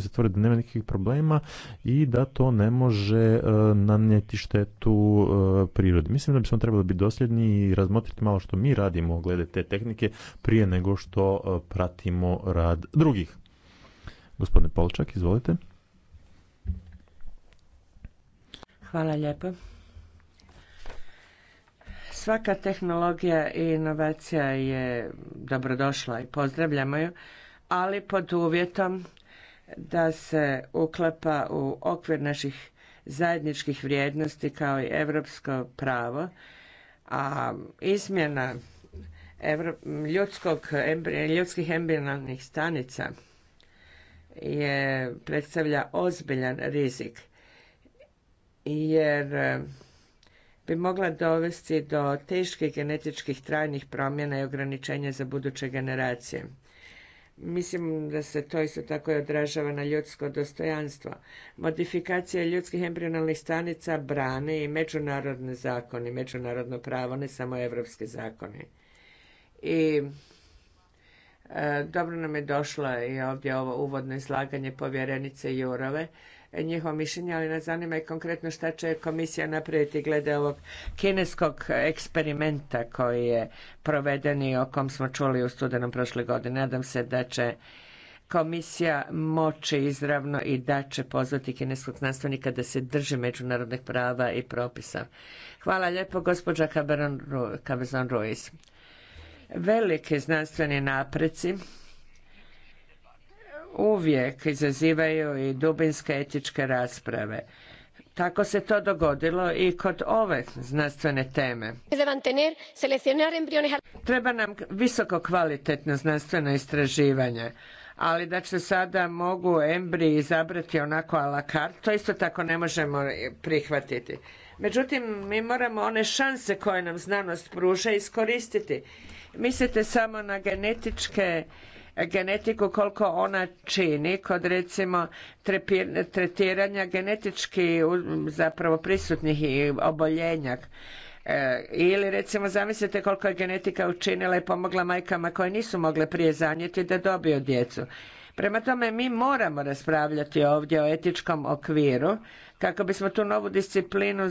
se tvrdi da nema nikakvih problema i da to ne može e, nanijeti štetu e, prirodi. Mislim da bismo trebali biti dosljedni i razmotriti malo što mi radimo glede te tehnike prije nego što e, pratimo rad drugih. Gospodine Polčak, izvolite. Hvala lijepo. Svaka tehnologija i inovacija je dobrodošla i pozdravljamo ju, ali pod uvjetom da se uklapa u okvir naših zajedničkih vrijednosti kao i europsko pravo, a izmjena ljudskog, ljudskih embrionalnih stanica je, predstavlja ozbiljan rizik jer eh, bi mogla dovesti do teških genetičkih trajnih promjena i ograničenja za buduće generacije. Mislim da se to isto tako i odražava na ljudsko dostojanstvo. Modifikacija ljudskih embrionalnih stanica brane i međunarodne zakone, međunarodno pravo, ne samo evropske zakoni. I e, dobro nam je došlo i ovdje ovo uvodno izlaganje povjerenice Jurove, njihovo mišljenje, ali nas zanima i konkretno šta će komisija napraviti glede ovog kineskog eksperimenta koji je proveden i o kom smo čuli u studenom prošle godine. Nadam se da će komisija moći izravno i da će pozvati kineskog znanstvenika da se drži međunarodnih prava i propisa. Hvala lijepo gospođa Cabezon Ruiz. Velike znanstveni napreci uvijek izazivaju i dubinske etičke rasprave. Tako se to dogodilo i kod ove znanstvene teme. Treba nam visoko kvalitetno znanstveno istraživanje, ali da će sada mogu embriji izabrati onako a la carte, to isto tako ne možemo prihvatiti. Međutim, mi moramo one šanse koje nam znanost pruža iskoristiti. Mislite samo na genetičke genetiku koliko ona čini kod recimo tretiranja genetički zapravo prisutnih i oboljenja e, ili recimo zamislite koliko je genetika učinila i pomogla majkama koje nisu mogle prije zanijeti da dobiju djecu. Prema tome mi moramo raspravljati ovdje o etičkom okviru kako bismo tu novu disciplinu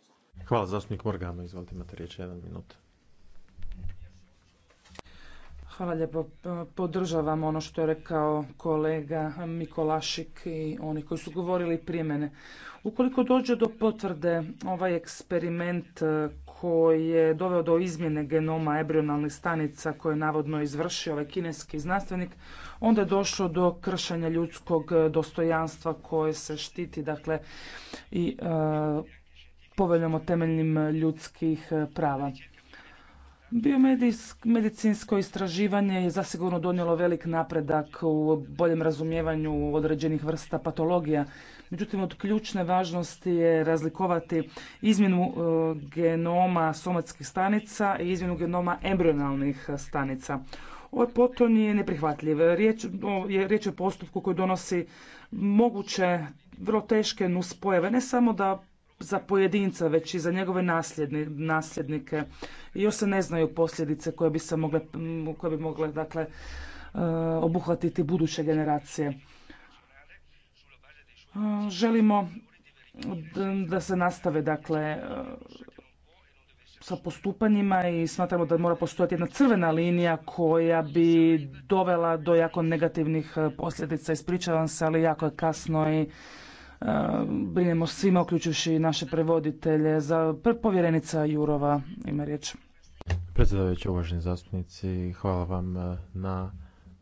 Hvala, zastupnik Morgano. Izvolite, imate riječ jedan minut. Hvala lijepo. Podržavam ono što je rekao kolega Mikolašik i oni koji su govorili prije mene. Ukoliko dođe do potvrde ovaj eksperiment eh, koji je doveo do izmjene genoma ebrionalnih stanica koje je navodno izvršio ovaj kineski znanstvenik, onda je došlo do kršenja ljudskog dostojanstva koje se štiti dakle i eh, poveljom o temeljnim e, ljudskih e, prava. Biomedicinsko istraživanje je zasigurno donijelo velik napredak u boljem razumijevanju određenih vrsta patologija. Međutim, od ključne važnosti je razlikovati izmjenu e, genoma somatskih stanica i izmjenu genoma embrionalnih stanica. Ovo ovaj potom je neprihvatljiv. Riječ, je, riječ je o postupku koji donosi moguće vrlo teške nuspojave. Ne samo da za pojedinca, već i za njegove nasljednike. I još se ne znaju posljedice koje bi se mogle, koje bi mogle dakle, eh, obuhvatiti buduće generacije. Eh, želimo da se nastave dakle eh, sa postupanjima i smatramo da mora postojati jedna crvena linija koja bi dovela do jako negativnih posljedica. Ispričavam se, ali jako je kasno i Ehm, brinemo svima, uključujući naše prevoditelje. Za povjerenica Jurova ima riječ. Predsjedavajući, uvaženi zastupnici, hvala vam eh, na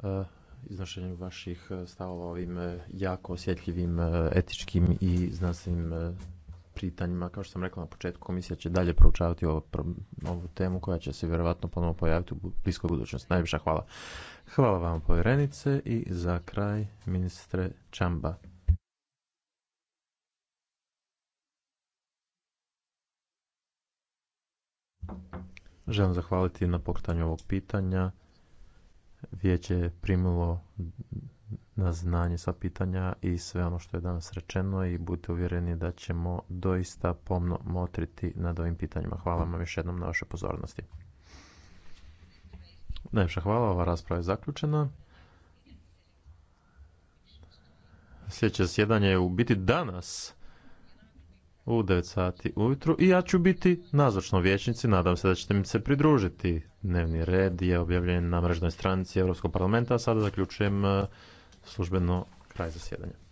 eh, iznošenju vaših eh, stavova ovim jako osjetljivim etičkim i znanstvenim pitanjima. Kao što sam rekla na početku, komisija će dalje proučavati ovu, ovu temu koja će se vjerojatno ponovno pojaviti u bliskoj budućnosti. Najviše hvala. Hvala vam povjerenice i za kraj ministre Čamba. Želim zahvaliti na pokretanju ovog pitanja. Vijeće je primilo na znanje sva pitanja i sve ono što je danas rečeno i budite uvjereni da ćemo doista pomno motriti nad ovim pitanjima. Hvala vam još jednom na vašoj pozornosti. Najviše hvala, ova rasprava je zaključena. Sljedeće sjedanje je u biti danas u 9 sati ujutru i ja ću biti nazočno vječnici, nadam se da ćete mi se pridružiti. Dnevni red je objavljen na mrežnoj stranici Europskog parlamenta, a sada zaključujem e, službeno kraj zasjedanja.